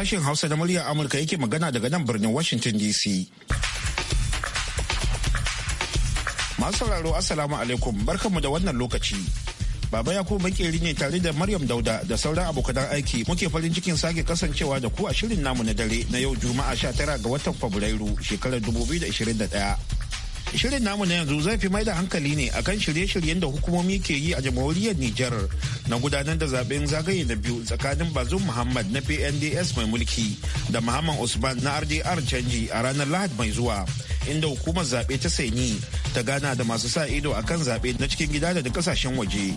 sashen Hausa na muryar Amurka yake magana daga nan birnin Washington DC. Masu sauraro Assalamu alaikum barkanmu da wannan lokaci. Baba ya bakeri ne tare da Maryam Dauda da sauran abokan aiki muke farin cikin sake kasancewa da ku a shirin namu na dare na yau Juma'a 19 ga watan Fabrairu shekarar 2021. Shirin namu na yanzu zai fi mai da hankali ne akan shirye-shiryen da hukumomi ke yi a jamhuriyar Nijar na gudanar da zaben zagaye na biyu tsakanin Bazum Muhammad na PNDS mai mulki da Muhammad Usman na RDR canji a ranar Lahadi mai zuwa. inda hukumar zaɓe ta saini ta gana da masu sa ido akan zaɓe na cikin gida da kasashen waje.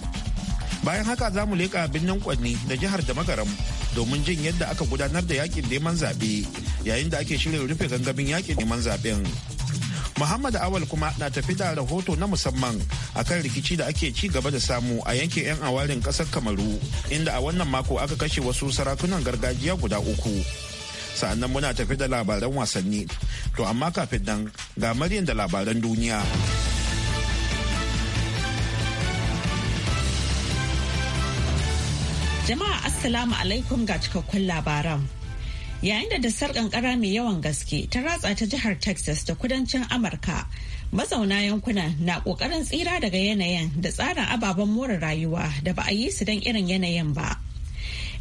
bayan haka za mu leƙa birnin kwanni da jihar da magaram domin jin yadda aka gudanar da yakin neman zaɓe yayin da ake shirin rufe gangamin yakin neman zaɓen Muhammad Awal kuma na tafi da rahoto na musamman akan rikici da ake ci gaba da samu a yankin 'yan awarin kasar Kamaru inda a wannan mako aka kashe wasu sarakunan gargajiya guda uku. Sa'annan muna tafi da labaran wasanni. To amma kafin nan ga maryan da labaran duniya. Jama'a Assalamu alaikum ga cikakkun labaran. yayin da dasar kankara mai yawan gaske ta ratsa ta jihar texas da kudancin amurka mazauna yankunan na kokarin tsira daga yanayin da tsarin ababen more rayuwa da ba a yi su don irin yanayin ba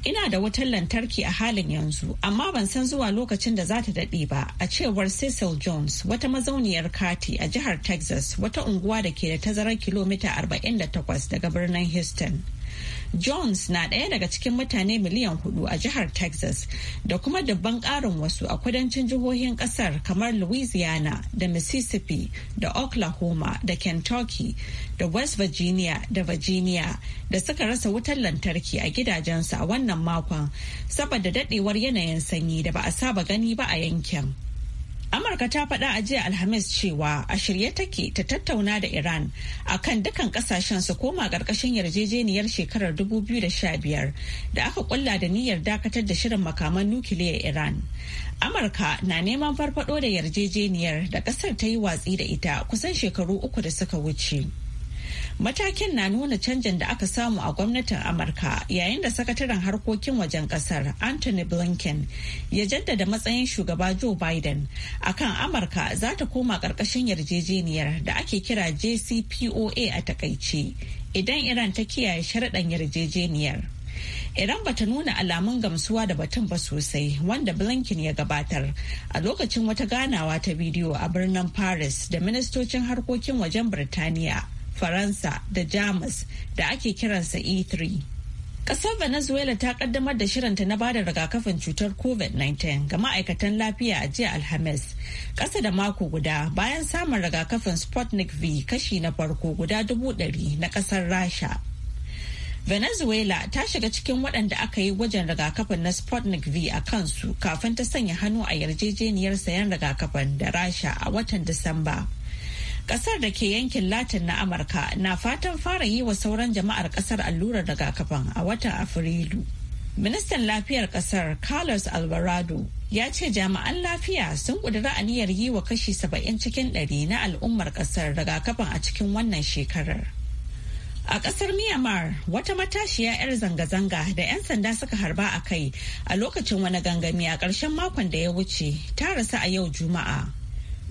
ina da wutar lantarki a halin yanzu amma ban san zuwa lokacin da za ta daɗe ba a cewar cecil jones wata mazauniyar kati a jihar texas wata unguwa da ke da tazarar kilomita 48 daga birnin houston Jones na ɗaya daga cikin mutane miliyan hudu a jihar Texas da kuma dubban ƙarin wasu a kudancin jihohin ƙasar kamar Louisiana da Mississippi da Oklahoma da Kentucky da West Virginia da Virginia da suka rasa wutar lantarki a gidajensu a wannan makon saboda daɗewar yanayin sanyi da ba a saba gani ba a yankin. Amurka ta faɗa a jiya Alhamis cewa a shirye take ta tattauna da Iran a kan dukan kasashen su koma ƙarƙashin yarjejeniyar shekarar 2015 da aka ƙulla da niyyar dakatar da shirin makaman nukiliyar Iran. Amurka na neman farfaɗo da yarjejeniyar da ƙasar ta yi watsi da ita kusan shekaru uku da suka wuce. Matakin na nuna canjin da aka samu a gwamnatin Amurka yayin da sakataren harkokin wajen kasar Anthony Blinken ya jaddada matsayin shugaba Joe Biden kan Amurka za ta koma ƙarƙashin yarjejeniyar da ake kira JCPOA a takaice idan Iran ta kiyaye sharaɗan yarjejeniyar. Iran bata nuna alamun gamsuwa da batun ba sosai wanda Blinken ya gabatar a lokacin wata ganawa ta bidiyo a birnin Paris da ministocin harkokin wajen Birtaniya. faransa da jamus da ake kiransa e3 Kasar Venezuela ta kaddamar da shirinta na bada rigakafin cutar COVID-19 ga ma'aikatan lafiya a jiya Alhamis. Ƙasa da mako guda bayan samun rigakafin Sputnik V kashi na farko guda dubu ɗari na kasar Rasha. Venezuela ta shiga cikin waɗanda aka yi wajen rigakafin na Sputnik V a kansu kafin ta sanya hannu a yarjejeniyar sayan rigakafin da Rasha a watan Disamba. Kasar da ke yankin Latin na Amurka na fatan fara yi wa sauran jama'ar kasar allurar rigakafin a watan Afrilu. Ministan lafiyar kasar Carlos Alvarado ya ce jami'an lafiya sun ƙudiri aniyar yi wa kashi 70 cikin 100 na al'ummar kasar rigakafin a cikin wannan shekarar. A ƙasar Myanmar, wata matashiya 'yar zanga-zanga da 'yan sanda suka harba a kai a lokacin wani gangami a ƙarshen makon da ya wuce ta rasu a yau Juma'a.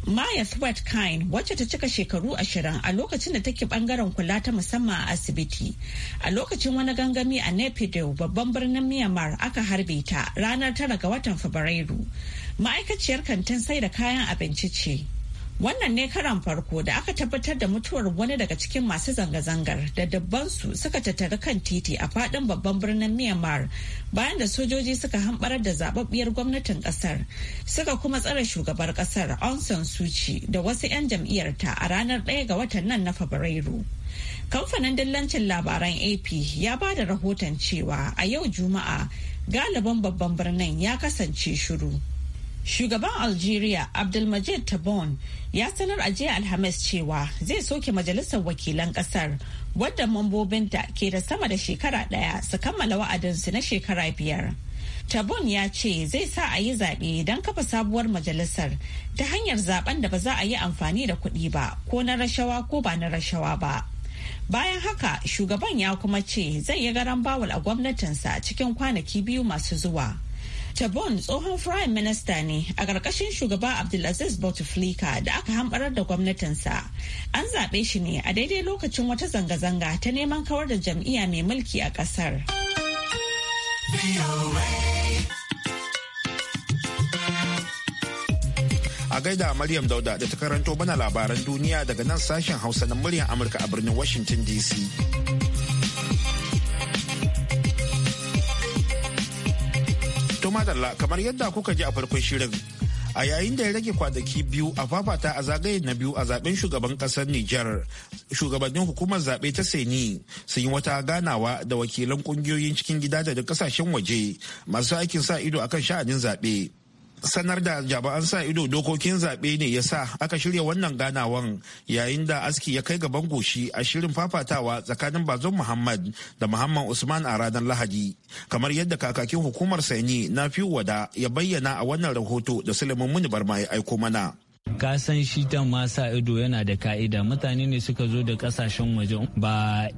Maya Swet Kine wacce ta cika shekaru ashirin a lokacin da take bangaren kula ta musamman a asibiti. A lokacin wani gangami a Naypyidaw babban birnin Myanmar aka harbe ta ranar tara ga watan Fabrairu. Ma'aikaciyar kantin sai da kayan abinci ce. Wannan ne karan farko da aka tabbatar da mutuwar wani daga cikin masu zanga-zangar da dabbansu suka tattara kan titi a fadin babban birnin Myanmar bayan da sojoji suka hambarar da zababbiyar gwamnatin kasar suka kuma tsare shugabar kasar Aung San Suu Kyi da wasu 'yan jam'iyyarta a ranar 1 ga watan nan na Fabrairu. Kamfanin dillancin labaran AP ya ba da rahoton cewa a yau Juma'a galiban babban birnin ya kasance shiru. Shugaban Algeria Abdulmajid Tabon ya sanar a jiya Alhamis cewa zai soke majalisar wakilan kasar wadda mambobinta ke da sama da shekara daya su kammala wa'adinsu na shekara biyar. Tabon ya ce zai sa a yi zaɓe don kafa sabuwar majalisar ta hanyar zaben da ba za a yi amfani da kuɗi ba ko na rashawa ko ba na rashawa ba. Bayan haka shugaban ya kuma ce zai yi garan bawul a gwamnatinsa cikin kwanaki biyu masu zuwa. Tabon tsohon Prime Minister ne a ƙarƙashin shugaba Abdulaziz Bouteflika da aka hambarar da gwamnatinsa. An zaɓe shi ne a daidai lokacin wata zanga-zanga ta neman kawar da jam'iyya mai mulki a ƙasar. A gaida Maryam Dauda da ta karanto mana labaran duniya daga nan sashen Hausa na muryar Amurka a birnin Washington DC. madalla kamar yadda kuka ji a farkon shirin. A yayin da ya rage kwanaki biyu a fafata a zagaye na biyu a zaben shugaban kasar Nijar, shugabannin hukumar zaɓe ta Seni sun yi wata ganawa da wakilan kungiyoyin cikin gida da kasashen waje masu aikin sa ido akan sha'anin zaɓe. sanar da jami'an sa ido dokokin zaɓe ne ya sa aka shirya wannan ganawan yayin da aski ya kai gaban goshi a shirin fafatawa tsakanin bazon muhammad da muhammad usman a ranar lahadi kamar yadda kakakin hukumar sani na fi wada ya bayyana a wannan rahoto da sulaiman muni barma ya aiko mana ka san shi ta masa ido yana da ka'ida mutane ne suka zo da kasashen waje ba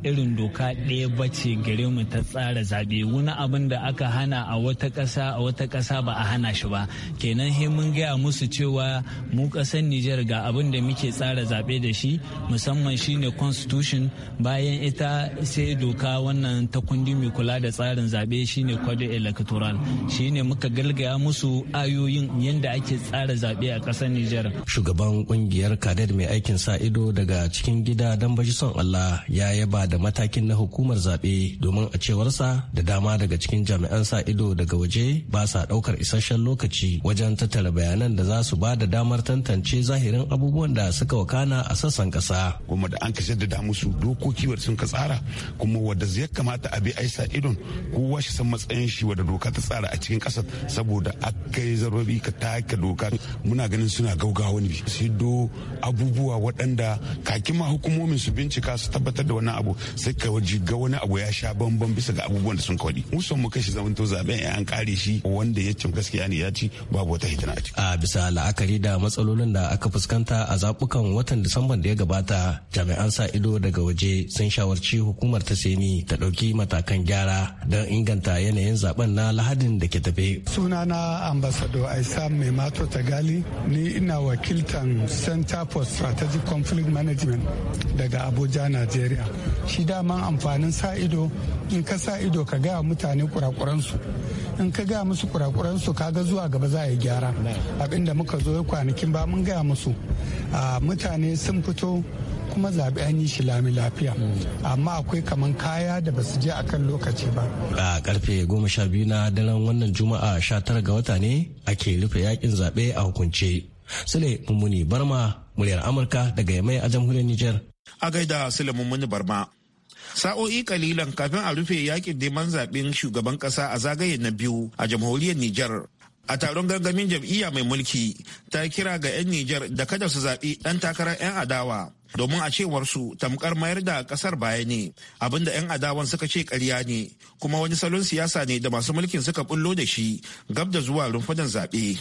irin doka ɗaya ba ce gare mu ta tsara zaɓe wani abin da aka hana a wata ƙasa a wata ƙasa ba a hana shi ba kenan he mun gaya musu cewa mu ƙasar Nijar ga abin da muke tsara zaɓe da shi musamman shine constitution bayan ita sai doka wannan ta kundi mai kula da tsarin zaɓe shine kwado electoral shine muka galgaya musu ayoyin yadda ake tsara zaɓe a ƙasar Nijar shugaban kungiyar kadar mai aikin sa ido daga cikin gida don bashi son allah ya yaba da matakin na hukumar zaɓe domin a cewarsa da dama daga cikin jami'an sa ido daga waje ba sa ɗaukar isasshen lokaci wajen tattara bayanan da za su ba da damar tantance zahirin abubuwan da suka wakana a sassan kasa. kuma da an da jaddada musu dokoki wadda sun ka tsara kuma wadda ya kamata a bi aisa idon kowa shi san matsayin shi wadda doka ta tsara a cikin ƙasar saboda aka yi zarobi ka take doka muna ganin suna gauga ga wani bi sai do abubuwa waɗanda kaki ma hukumomin su bincika su tabbatar da wani abu sai ka ga wani abu ya sha bambam bisa ga abubuwan da sun kawadi musan mu kashi to zaben ya an kare shi wanda ya cin gaskiya ne ya ci babu wata hitina a a bisa la'akari da matsalolin da aka fuskanta a zabukan watan disamban da ya gabata jami'an sa ido daga waje sun shawarci hukumar ta seni ta ɗauki matakan gyara don inganta yanayin zaben na lahadin da ke tafe sunana ambassador aisa mai mato tagali ni ina wa wakiltan center for strategic conflict management daga abuja nigeria shi daman amfanin sa ido in ka sa ido ka gaya mutane kurakuransu in ka gaya musu kurakuransu ka ga zuwa gaba za a yi gyara abinda muka zo kwanakin ba mun gaya musu mutane sun fito kuma zaɓe an yi shi lami lafiya amma akwai kaman kaya da basu je akan lokaci ba a karfe goma sha biyu na daren wannan juma'a sha tara ga wata ne ake rufe yakin zaɓe a hukunce Sule Mummuni Barma, muryar Amurka daga Yamai a jamhuriyar Nijar. A gaida Sule Mummuni Barma. Sa'o'i kalilan kafin a rufe yakin neman zaɓen shugaban ƙasa a zagaye na biyu a jamhuriyar Nijar. A taron gangamin jam'iyya mai mulki ta kira ga 'yan Nijar da kada su zaɓi ɗan takarar 'yan adawa domin a cewar su tamkar mayar da ƙasar baya ne abinda 'yan adawan suka ce karya ne kuma wani salon siyasa ne da masu mulkin suka bullo da shi gab da zuwa rumfunan zaɓe.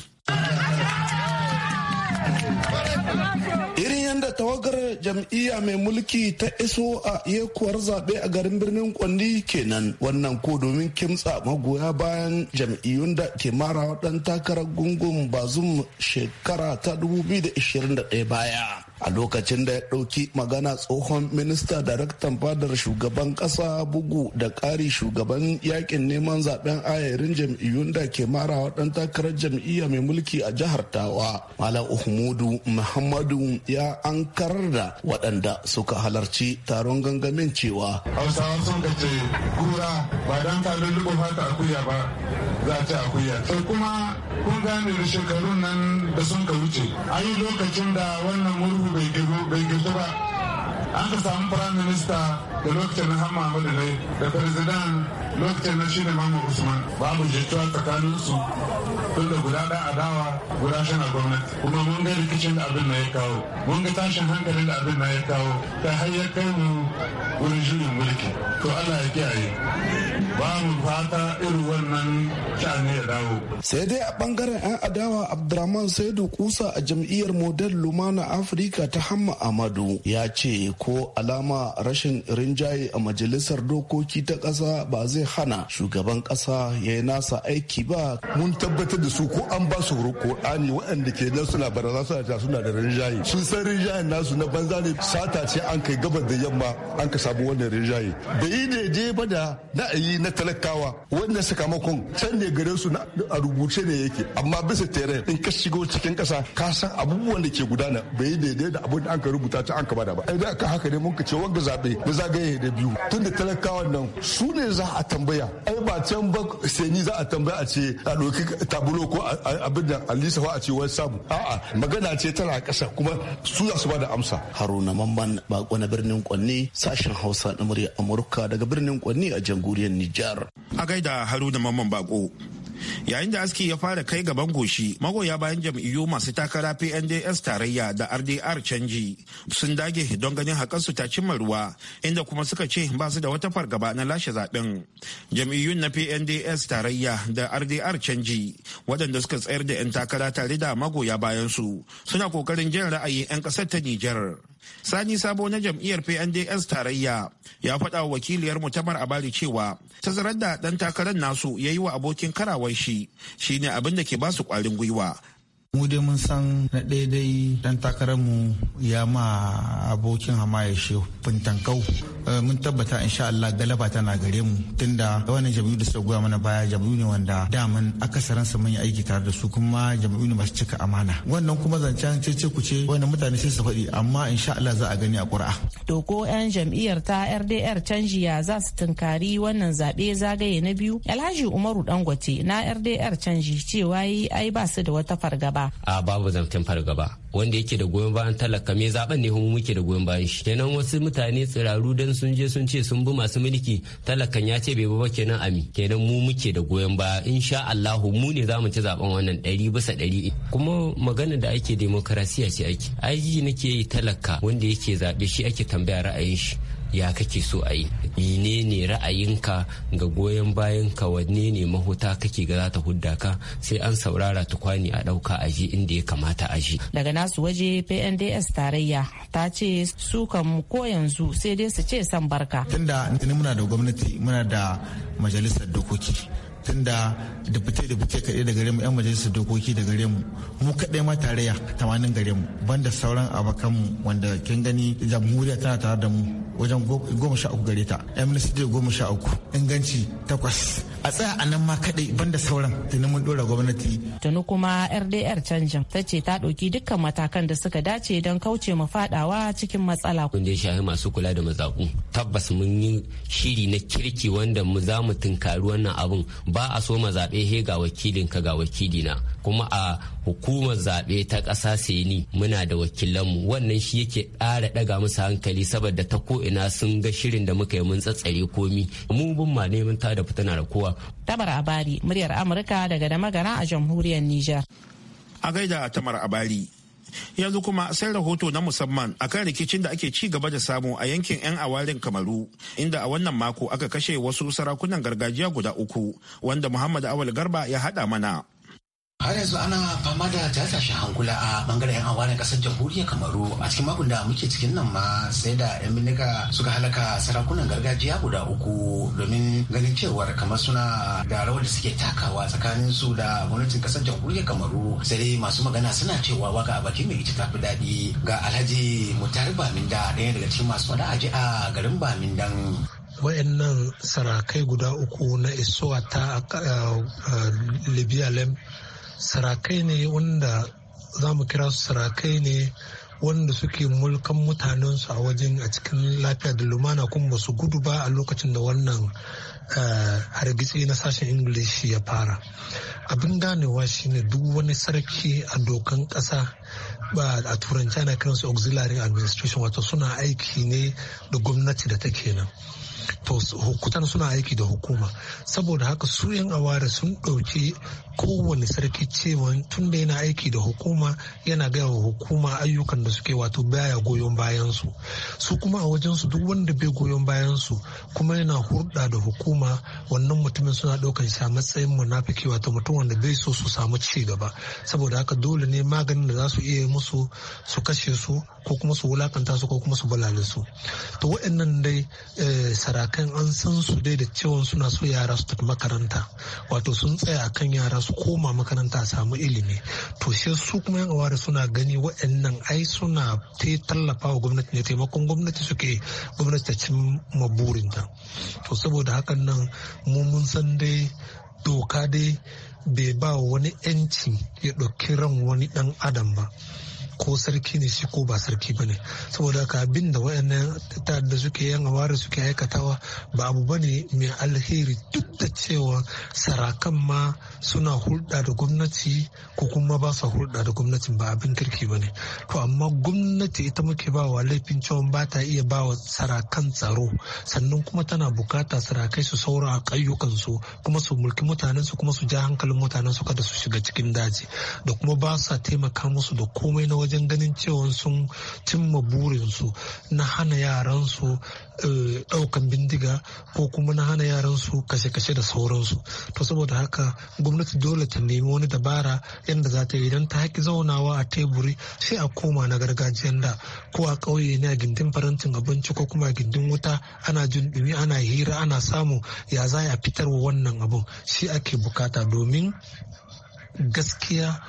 jam'iyya mai mulki ta iso a yekuwar zaɓe a garin birnin Kwandi kenan wannan ko domin kimtsa magoya bayan jam'iyyun da ke mara ɗan takarar gungun bazum shekara ta 2021 baya. a lokacin da ya ɗauki magana tsohon minista daraktan fadar shugaban ƙasa bugu da ƙari shugaban yakin neman zaben ayarin jam'iyyun da ke mara ɗan takarar jam'iyya mai mulki a jihar tawa malam uhmudu muhammadu ya ankarar da waɗanda suka halarci taron gangamin cewa hausawa sun gace kura ba don tarin lubu fata akuya ba za ta akuya sai kuma kun gane da shekarun nan da sun ka wuce an yi lokacin da wannan murhu bai gizo ba an ka samu firayim minista da lokacin na hamma ne da president lokacin na shi da Mamu Usman babu jituwa tsakanin su tun da guda da adawa guda shana gwamnati kuma mun ga rikicin da abin na ya kawo mun ga tashin hankalin da abin na ya kawo ta hanyar kai mu wurin shirin mulki to Allah ya kiyaye ba mu fata irin wannan shani ya dawo. Sai dai a bangaren 'yan adawa Abdurrahman Saidu Kusa a jam'iyyar Model Lumana Afirka ta Hamma Amadu ya ce ko alama rashin rinjaye a majalisar dokoki ta ƙasa ba zai zai hana shugaban kasa ya yi nasa aiki ba mun tabbatar da su ko an ba su ani waɗanda ke nan suna barazana suna ta suna da rinjaye sun san rinjayen nasu na banza ne sata ce an kai gabar da yamma an ka samu wannan rinjaye da yi ne je ba da na ra'ayi na talakawa wanda sakamakon can ne gare su a rubuce ne yake amma bisa tere in ka shigo cikin kasa ka san abubuwan da ke gudana bai yi daidai da abin da an ka rubuta ta an ka bada ba ai da haka ne mun ka ce wanga zabe da zagaye da biyu tunda talakawan nan su ne za a tambaya ai ba can ba sai ni za a tambaya a ce a ɗauki tabulo ko abin da alisawa a ce wani sabu a'a magana ce tana kasa kuma su za su ba da amsa haruna mamman bako na birnin kwanne sashen hausa na murya amurka daga birnin kwanne a jamhuriyar nijar a gaida haruna mamman bako yayin da aski ya fara kai gaban goshi magoya bayan jam'iyyu masu takara pnds tarayya da rdr canji sun dage don ganin su ta cimma ruwa inda kuma suka ce ba su da wata fargaba na lashe zaɓen jam'iyyun na pnds tarayya da rdr canji waɗanda suka tsayar da 'yan takara tare da magoya bayan su suna kokarin jin ra'ayin 'yan ƙasar ta nijar Sani Sabo na jam'iyyar PNDS tarayya ya faɗa wa wakiliyar mutamar abari cewa tazarar da ɗan takarar nasu ya yi wa abokin karawar shi shine abin da ke basu ƙwarin gwiwa mu dai mun san na daidai dan takarar takararmu ya ma abokin hamaya shi fintankau eh, mun tabbata insha Allah galaba tana gare mu tunda wannan jam'iyyu da suka goya mana baya jam'iyyu ne wanda daman akasarin su mun yi aiki tare da su kuma jam'iyyu ne masu cika amana wannan kuma zancen cece ku ce wannan mutane sai su faɗi amma insha Allah za a gani a ƙura. to ko 'yan jam'iyyar ta RDR canjiya za su tunkari wannan zaɓe zagaye na biyu Alhaji Umaru Dangote na RDR canji cewa yi ai ba su da wata fargaba a babu zancen fargaba wanda yake da goyon bayan talaka me zaben ne mu muke da goyon bayan shi kenan wasu mutane tsiraru dan sun je sun ce sun bi masu mulki talakan ya ce bai bi ba kenan ami kenan mu muke da goyon baya insha Allahu mu ne zamu ci zaben wannan ɗari bisa ɗari kuma magana da ake demokarasiya ce ake aiki nake yi talaka wanda yake zaɓe shi ake tambaya ra'ayin shi ya kake so a yi mene ne ra'ayinka ga goyon bayan ka wanne ne mahuta kake ga zata hudda ka sai an saurara tukwani a ɗauka a je inda ya kamata a je. daga nasu waje pnds tarayya ta ce su kan ko yanzu sai dai su ce san barka tunda muna da gwamnati muna da majalisar dokoki tunda da fite da fite kaɗai da gare mu 'yan majalisar dokoki da gare mu mu kaɗai ma tarayya tamanin gare mu banda sauran abakan mu wanda kin gani jamhuriya tana tare da mu wajen goma sha uku gare ta yan da goma sha uku inganci takwas a tsaya a nan ma kaɗai banda sauran tuni mun ɗora gwamnati. tuni kuma rdr canjin ta ce ta ɗauki dukkan matakan da suka dace don kauce ma faɗawa cikin matsala. kun da ya shafi masu kula da matsaku tabbas mun yi shiri na kirki wanda mu za mu tunkari wannan abun ba a so ma zaɓe he ga wakilin ka ga wakilina kuma a hukumar zaɓe ta ƙasa seni muna da wakilanmu wannan shi yake ƙara ɗaga musu hankali saboda ta ko ina sun ga shirin da muka yi mun tsatsare komi mu bin ma neman ta da fitina da kowa. Tamar Abari muryar Amurka daga da magana a jamhuriyar Niger. A gaida Tamar Abari yanzu kuma sai rahoto na musamman akan rikicin da ake ci gaba da samu a yankin 'yan awarin kamaru inda a wannan mako aka kashe wasu sarakunan gargajiya guda uku wanda muhammad awal garba ya hada mana har yanzu ana fama da tasashen hankula a bangaren yan na kasar jamhuriyar kamaru a cikin makon da muke cikin nan ma sai da yan bindiga suka halaka sarakunan gargajiya guda uku domin ganin cewar kamar suna da rawar da suke takawa tsakanin su da gwamnatin kasar jamhuriyar kamaru sai dai masu magana suna cewa waka a bakin mai ita tafi daɗi ga alhaji mutari baminda ɗaya daga cikin masu faɗa aji a garin bamindan wayannan sarakai guda uku na isuwa ta uh, uh, libya lem sarakai ne wanda za mu kira su sarakai ne wanda suke mulkan mutanensu a wajen a cikin lafiya da lumana kuma ba su gudu ba a lokacin da wannan eh, hargitsi na sashen ingilishi ya fara abin ganewa shine duk wani sarki a dokan kasa ba a turanci ana kiransu auxiliary administration wato suna aiki ne da gwamnati da take nan to hukutan suna aiki da hukuma saboda haka su yan awara sun ɗauki kowane sarki cewa tun da yana aiki da hukuma yana gaya wa hukuma ayyukan da suke wato baya goyon bayansu su kuma a wajensu duk wanda bai goyon bayansu kuma yana hurɗa da hukuma wannan mutumin suna ɗaukan shi a matsayin munafiki wato mutum wanda bai so su samu ci gaba saboda haka dole ne maganin da za su iya musu su kashe su ko kuma su wulakanta su ko kuma su bulale su to waɗannan dai eh, saraka akan an san su dai da cewa suna so yara su tafi makaranta wato sun tsaya akan yara su koma makaranta a samu ilimi to shi su kuma yan awara suna gani waɗannan ai suna tallafa wa gwamnati ne taimakon gwamnati suke gwamnati ta cin maburinta to saboda hakan nan mu mun san dai doka dai bai ba wani 'yanci ya ɗauki ran wani ɗan adam ba ko sarki ne shi ko ba sarki ba ne saboda haka abin da wayannan da suke yan awara suke aikatawa ba abu ba ne mai alheri duk da cewa sarakan ma suna hulɗa da gwamnati ko kuma ba su hulɗa da gwamnati ba abin kirki ba ne to amma gwamnati ita muke ba wa laifin cewa ba ta iya ba wa sarakan tsaro sannan kuma tana bukata sarakai su saura a ƙayyukansu kuma su mulki mutanensu kuma su ja hankalin mutanensu kada su shiga cikin daji da kuma ba sa taimaka musu da komai na waje wajen ganin cewa sun cimma burinsu na hana yaransu daukan e, bindiga ko kuma na hana yaransu kashe-kashe da sauransu to saboda haka gwamnati dole ta nemi wani dabara yadda za ta yi idan ta haƙi zaunawa a teburi sai a koma na gargajiyan da ko a ƙauye ne a gindin farantin abinci ko kuma a gindin wuta ana jin dumi ana hira ana samu ya za a wa wannan abun shi ake bukata domin gaskiya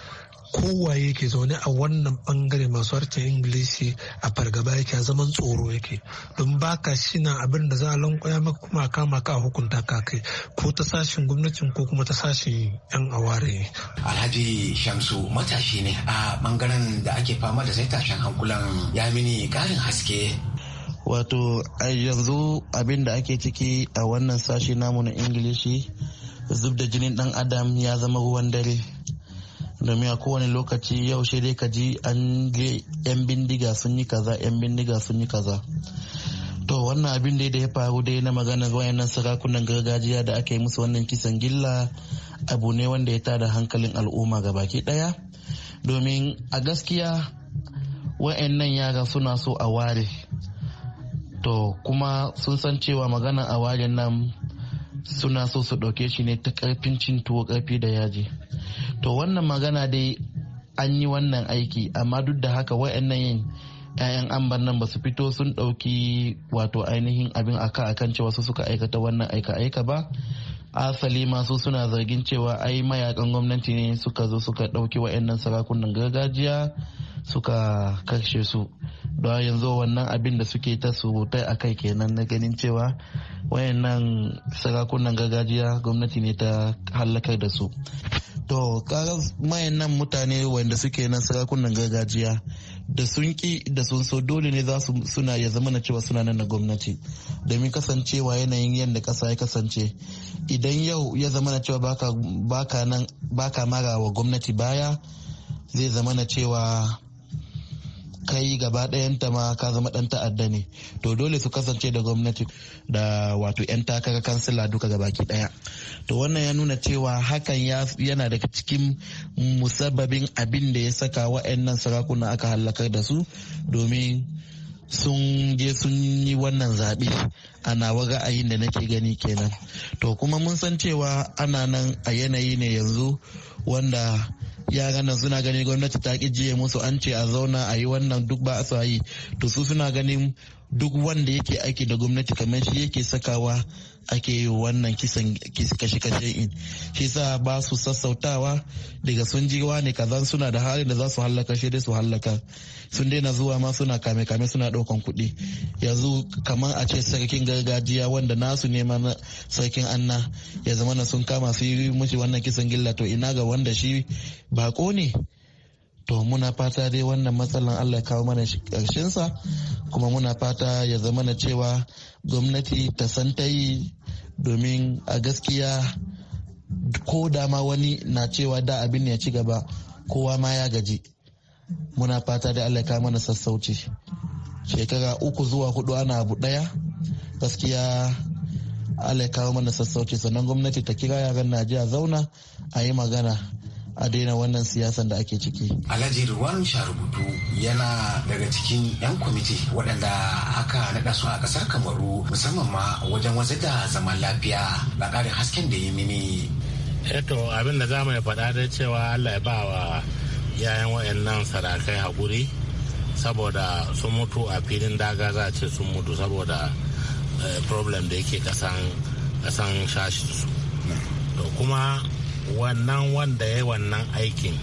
kowaye yake zaune a wannan bangare masu harshen ingilishi a fargaba yake a zaman tsoro yake don baka shina abin da za a lankwaya maka kuma a kama ka a hukunta ka kai ko ta sashin gwamnatin ko kuma ta sashin yan aware alhaji shamsu matashi ne a bangaren da ake fama da sai tashin hankulan ya mini karin haske wato yanzu abin da ake ciki a wannan sashi namu na ingilishi zub da jinin dan adam ya zama ruwan dare domin a kowane lokaci yau sai dai ka ji an je yan bindiga sun yi kaza yan bindiga sun yi kaza to wannan abin da ya faru dai na maganar wayannan sarakunan gargajiya da aka yi musu wannan kisan gilla abu ne wanda ya tada hankalin al'umma ga baki daya domin a gaskiya wayannan yara suna so a ware to kuma sun san cewa magana a ware nan suna so su ɗauke shi ne ta ƙarfin cin tuwo ƙarfi da yaji. to wannan magana dai an yi wannan aiki amma duk da haka wa'annan 'ya'yan ambar nan ba su fito sun ɗauki wato ainihin abin aka akan cewa su suka aikata wannan aika-aika ba asali masu suna zargin cewa ai mayakan gwamnati ne suka zo suka ɗauki wa'annan sarakunan gargajiya suka kashe su don yanzu wannan abin da suke ta surutai a kai kenan na ganin cewa wayannan sarakunan gargajiya gwamnati ne ta halakar da su to kaga mayan nan mutane wanda suke nan sarakunan gargajiya da sun da sun so dole ne za su suna ya zama na cewa suna nan na gwamnati domin kasancewa yanayin yadda kasa ya kasance idan yau ya zama na cewa baka baka mara wa gwamnati baya zai zama na cewa kai gaba ɗayanta ma ka zama ɗan ta'adda ne to dole su kasance da gwamnati da wato 'yan takara kansila duka baki ɗaya to wannan ya nuna cewa hakan yana daga cikin musabbabin abin da ya saka wa'annan sarakuna aka hallakar da su domin sun je sun yi wannan zaɓe a nawa ra'ayin da nake gani kenan to kuma mun san cewa ana nan a yanayi ne yanzu wanda yaran nan suna ganin gwamnati ta ƙi jiye musu an ce a zauna a yi wannan duk ba a yi to su suna ganin duk wanda yake aiki da gwamnati kamar shi yake sakawa ake yi wannan kisan kashe-kashe in shi sa ba su sassautawa daga sun ji ne kazan suna da halin da za su hallaka shi dai su hallaka sun daina zuwa ma suna kame-kame suna daukan kuɗi yanzu kamar a ce sarkin gargajiya wanda nasu nema na sarkin anna ya zama na sun kama su yi mushi wannan kisan gilla to ina ga wanda shi bako ne to muna fata dai wannan matsalan allah ya kawo mana sa kuma muna fata ya zama na cewa gwamnati ta san ta yi domin a gaskiya ko dama wani na cewa da abin ya ci gaba kowa ma ya gaji muna fata da allah ya kawo mana sassauci shekara uku zuwa hudu ana abu daya gaskiya Allah ya kawo mana sassauci sannan gwamnati ta kira yaran Najeriya zauna a yi magana a daina wannan siyasan da ake ciki. Alhaji Ruwan Sharubutu yana daga cikin 'yan kwamiti waɗanda aka naɗa su a ƙasar Kamaru musamman ma wajen wasu da zaman lafiya ba ƙarin hasken da ya mini. Eto eh abin da za mu faɗa da cewa Allah ya ba wa yayan wa'annan sarakai haƙuri saboda sun mutu a filin daga za a ce sun mutu saboda eh, problem da yake kasan kasan shashi su. To kuma wannan wanda ya wannan aikin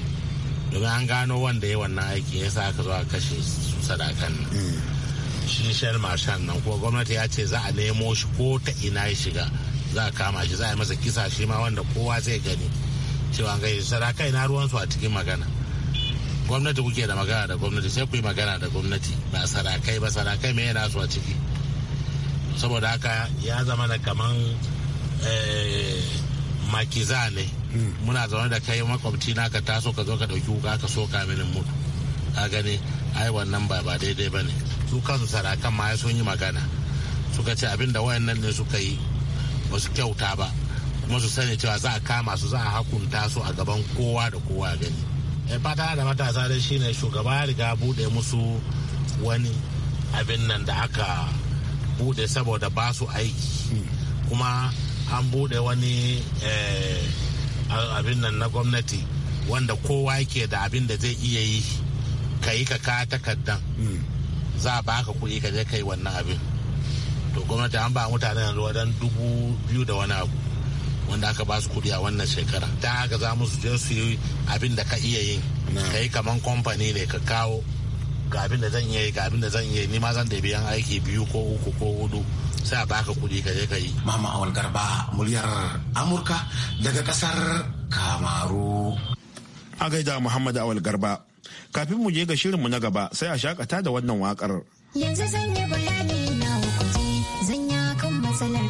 domin an gano wanda ya wannan aikin ya sa aka zo a kashe su sadakan nan mm. shi shan mashan nan ko gwamnati ya ce za a nemo shi ko ta ina ya shiga za a kama shi za a yi masa kisa shi ma wanda kowa zai gani cewa ga yi sadaka ina su a cikin magana gwamnati kuke da magana da gwamnati sai ku yi magana da gwamnati ba sadakai ba sadakai mai yana su a ciki saboda haka ya zama da kaman eh, makiza ne hmm. muna zaune da kai makwabci na ka taso ka zo ka ɗauki wuka ka soka mini mutu ka gani ai wannan ba ba daidai ba ne su kansu sarakan ma sun yi magana suka ce abin da wayannan ne suka yi ba su kyauta ba kuma su sani cewa za a kama su za a hakunta su a gaban kowa da kowa gani eh, fata da matasa dai shine shugaba ya riga bude musu wani abin nan da aka bude saboda ba su aiki hmm. kuma an bude wani eh, abin nan na gwamnati wanda kowa ke da abin da zai iya yi ka yi ka ka takardan za a baka kuɗi ka je kai wannan abin to gwamnati an ba mutane yanzu wadan dubu biyu da wani abu wanda aka ba su kuɗi a wannan shekara ta haka za mu su je su yi abin da ka iya yin ka yi kaman kamfani ne ka kawo ga abin da zan yi ga abin da zan yi ni ma zan da biyan aiki biyu ko uku ko hudu sai a baka kuɗi ka je ka yi. Mama Awal Garba muryar Amurka daga ƙasar Kamaru. A gaida Muhammad Awal Garba. Kafin mu je ga shirin mu na gaba sai a shakata da wannan wakar. Yanzu zan yi bayani na hukunci zan ya kan matsalar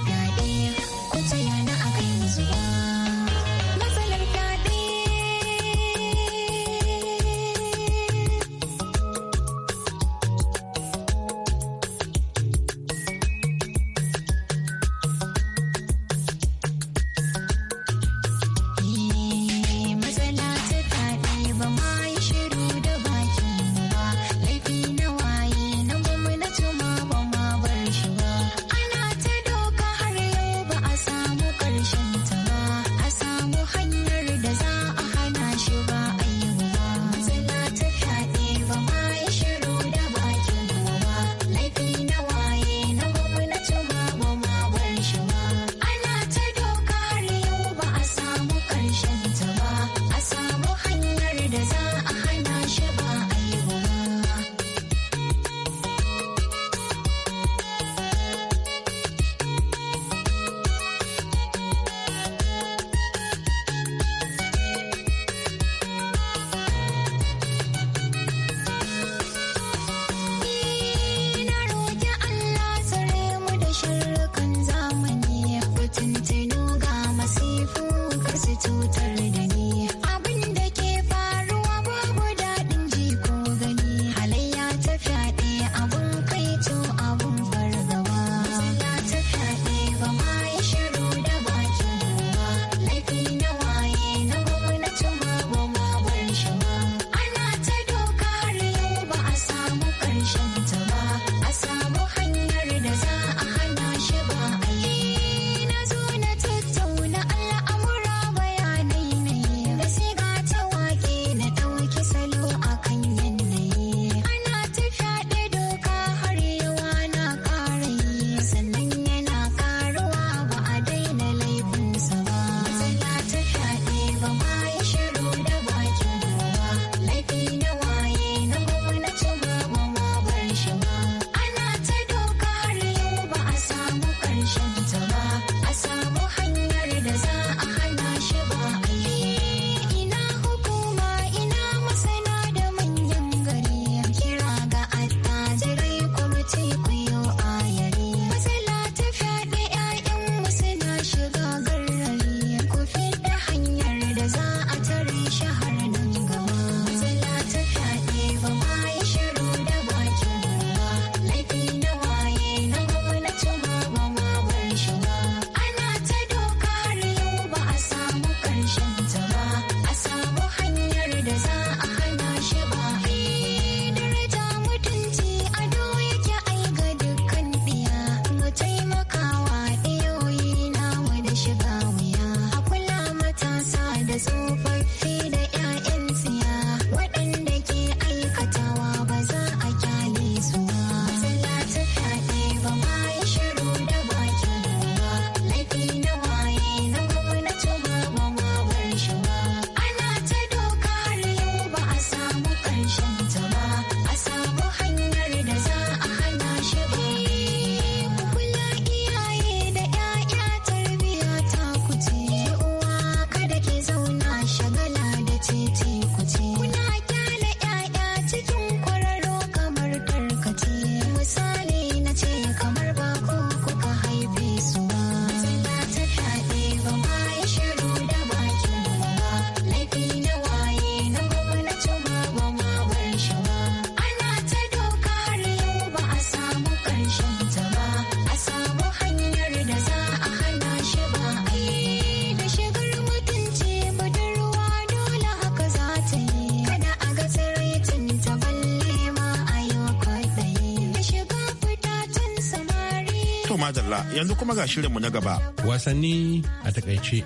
yanzu kuma ga shirinmu na gaba. Wasanni a takaice.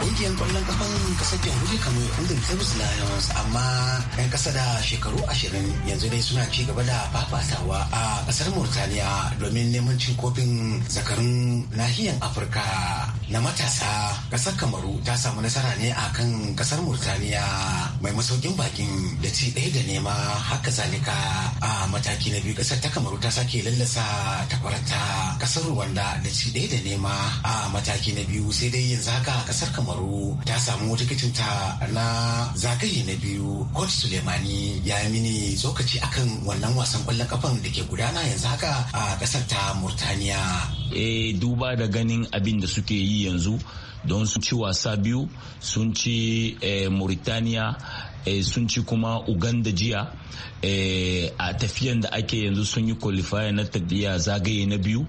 Ƙungiyar ƙwallon ƙafan ƙasar jamhuriyar kamar kundin Tebus Lions amma 'yan ƙasa da shekaru ashirin yanzu dai suna ci gaba da fafatawa a ƙasar Murtaniya domin neman cin kofin zakarun nahiyar Afirka. na matasa kasar kamaru ta samu nasara ne a kan kasar murtaniya mai masaukin bakin da ci ɗaya da nema haka zalika a mataki na biyu kasar ta kamaru ta sake lallasa kwaranta kasar rwanda da ci ɗaya da nema a mataki na biyu sai dai yanzu haka kasar kamaru ta samu tikitinta na zagaye na biyu kot sulemani ya yi mini tsokaci akan wannan wasan kwallon kafan da ke gudana yanzu haka a kasar ta murtaniya eh duba da ganin abin da suke yi yanzu don sun ci wasa biyu sun ci eh, mauritania eh, sun ci kuma uganda jiya eh, a tafiyan da ake yanzu sun yi kwalifaya na tafiya zagaye na biyu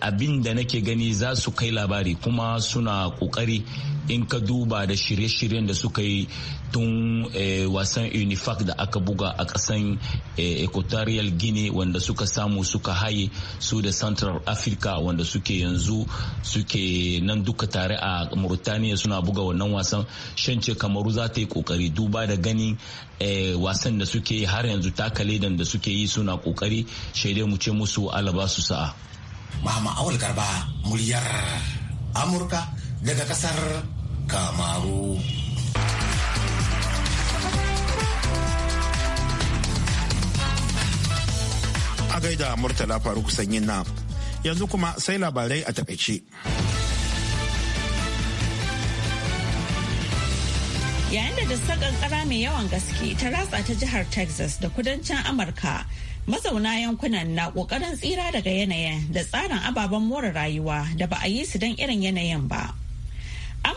abin da nake gani za su kai labari kuma suna kokari in ka duba da shirye-shiryen da suka yi tun eh, wasan unifac da aka buga a kasan eh, equatorial guinea wanda suka samu suka haye su da central africa wanda suke yanzu suke nan duka tare a mauritania suna buga wannan wasan shance kamaru za ta yi kokari duba da gani eh, wasan da suke yi har yanzu takaledan da suke yi suna kokari shaidai mu ce musu alaba su sa'a Muhammad Awul Garba muryar Amurka daga kasar kamaru a gaida murtala faruk sanyin na yanzu kuma sai labarai a takaice. yayin da dusar kankara mai yawan gaske ta ratsa ta jihar texas da kudancin amurka mazauna yankunan na kokarin tsira daga yanayin da tsarin ababen more rayuwa da ba a yi su don irin yanayin ba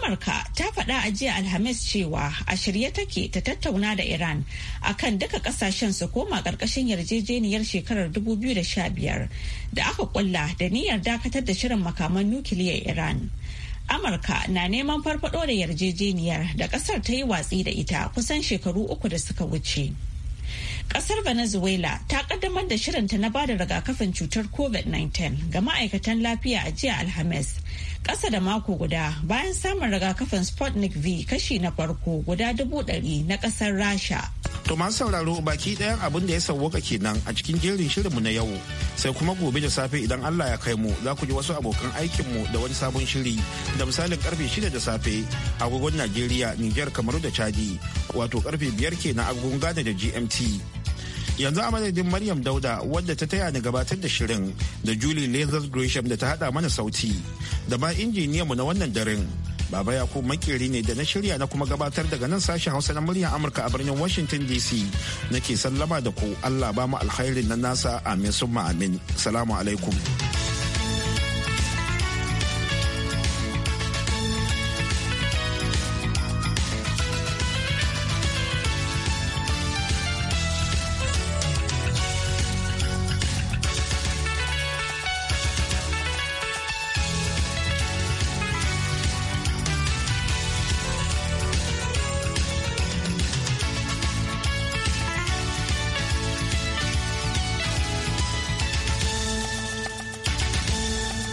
Amurka ta faɗa a jiya Alhamis cewa a shirye take ta tattauna da Iran akan duka ƙasashen su koma ƙarƙashin yarjejeniyar shekarar 2015 da aka ƙulla da niyyar dakatar da shirin makaman nukiliyar Iran. Amurka na neman farfaɗo da yarjejeniyar da ƙasar ta yi watsi da ita kusan shekaru uku da suka wuce. Ƙasar venezuela ta ƙaddamar da shirinta na bada rigakafin cutar covid-19 ga ma'aikatan lafiya a jiya alhamis kasa da mako guda bayan samun rigakafin sputnik v kashi na farko guda dubu ɗari na ƙasar rasha to masu sauraro baki ɗayan abin da ya sauwaka kenan a cikin jerin shirinmu na yau sai kuma gobe da safe idan allah ya kai mu za ku ji wasu abokan aikin mu da wani sabon shiri da misalin karfe shida da safe agogon najeriya niger kamaru da chadi wato karfe biyar kenan agogon ghana da gmt yanzu a madadin maryam dauda wadda ta taya ni gabatar da shirin da julie lazar gresham da ta hada mana sauti da ma injiniyanmu na wannan daren Baba ku makeri ne da na shirya na kuma gabatar daga nan sashen Hausa na muryar Amurka a birnin Washington DC. Nake sallama da ku Allah ba mu alkhairin na nasa amin summa amin. Salamu alaikum.